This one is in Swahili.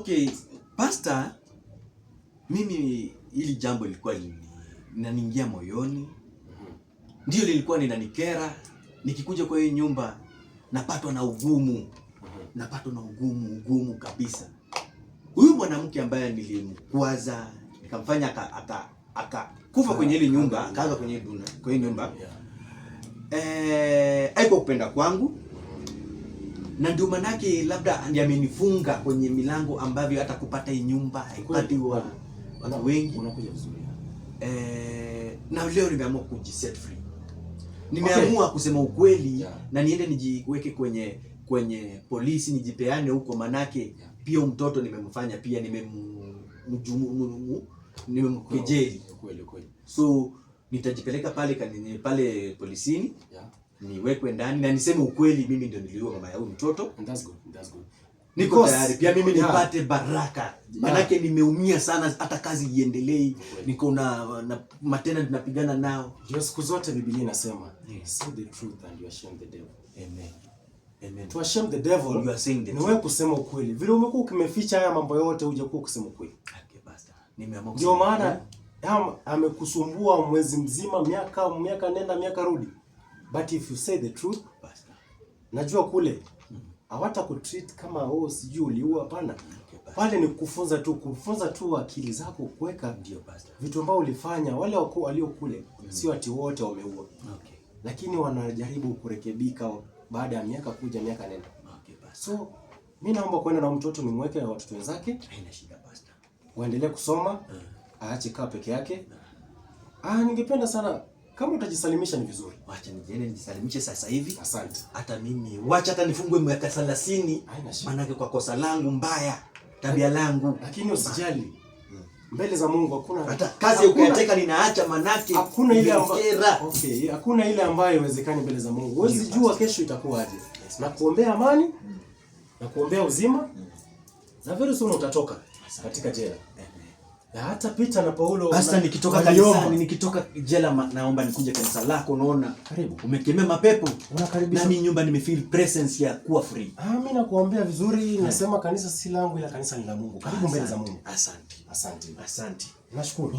Okay, pasta, mimi hili jambo lilikuwa linaningia moyoni, ndio lilikuwa linanikera. Nikikuja kwa hii nyumba napatwa na ugumu, napatwa na ugumu, ugumu kabisa. Huyu mwanamke ambaye nilimkwaza nikamfanya aka akakufa kwenye ile nyumba, akaanza kwenye duna, kwenye nyumba eh, kupenda kwangu na ndio manake labda ndiye amenifunga kwenye milango ambavyo hata kupata hii nyumba haipati wa watu wengi. Unakuja vizuri eh, na leo nimeamua kujiset free, nimeamua okay, kusema ukweli yeah, na niende nijiweke kwenye kwenye polisi nijipeane huko, manake yeah, pia mtoto nimemfanya pia nimemjumu nimemkejeli kweli kweli, so nitajipeleka pale kanini pale polisini yeah niwekwe ndani na niseme ukweli, mimi ndio niliua mama ya huyu mtoto. That's good. That's good. Niko tayari pia mimi nipate baraka, manake nimeumia sana, hata kazi iendelee, niko na, matena tunapigana nao. Ndio siku zote Biblia inasema say the truth and you shame the devil. Amen. Amen. To shame the devil, you are saying the truth. Niwe kusema ukweli. Vile umekuwa ukimeficha haya mambo yote, hujakuwa kusema ukweli. Okay, basta. Nimeamua. Ndio maana amekusumbua mwezi mzima, miaka miaka nenda miaka rudi. But if you say the truth, najua kule hawata treat kama oh, sijui uliua. Hapana, pale ni kufunza tu, kufunza tu akili zako kuweka vitu ambao ulifanya. Wale walio kule mm-hmm. sio ati wote wameua, okay. Lakini wanajaribu kurekebika baada ya miaka kuja miaka nenda, okay. So mimi naomba kwenda na mtoto nimweke na watoto wenzake, haina shida, waendelee kusoma, uh-huh. aache kaa peke yake. Uh-huh. Ah, ningependa sana kama utajisalimisha ni vizuri. Wacha nijiende nijisalimishe sasa hivi. Asante. Hata mimi wacha hata nifungwe miaka 30. Manake kwa kosa langu mbaya, tabia langu. Lakini usijali. Hmm. Mbele za Mungu hakuna hata kazi ukateka ninaacha manake. Hakuna ile ambayo okay, hakuna ile ambayo haiwezekani mbele za Mungu. Huwezi jua kesho itakuwaje. Yes. Na kuombea amani hmm. na kuombea uzima mm. na vile utatoka katika jela. Eh. Na hata Peter na Paulo basi nikitoka kanisa ni nikitoka jela naomba nikuje kanisa lako, unaona? Karibu. Umekemea mapepo. Unakaribisha. Nami nyumba nime feel presence ya kuwa free. Ah, mimi nakuambia vizuri, eh. nasema kanisa si langu ila kanisa ni la Mungu. Karibu mbele za Mungu. Asante. Asante. Asante. Nashukuru.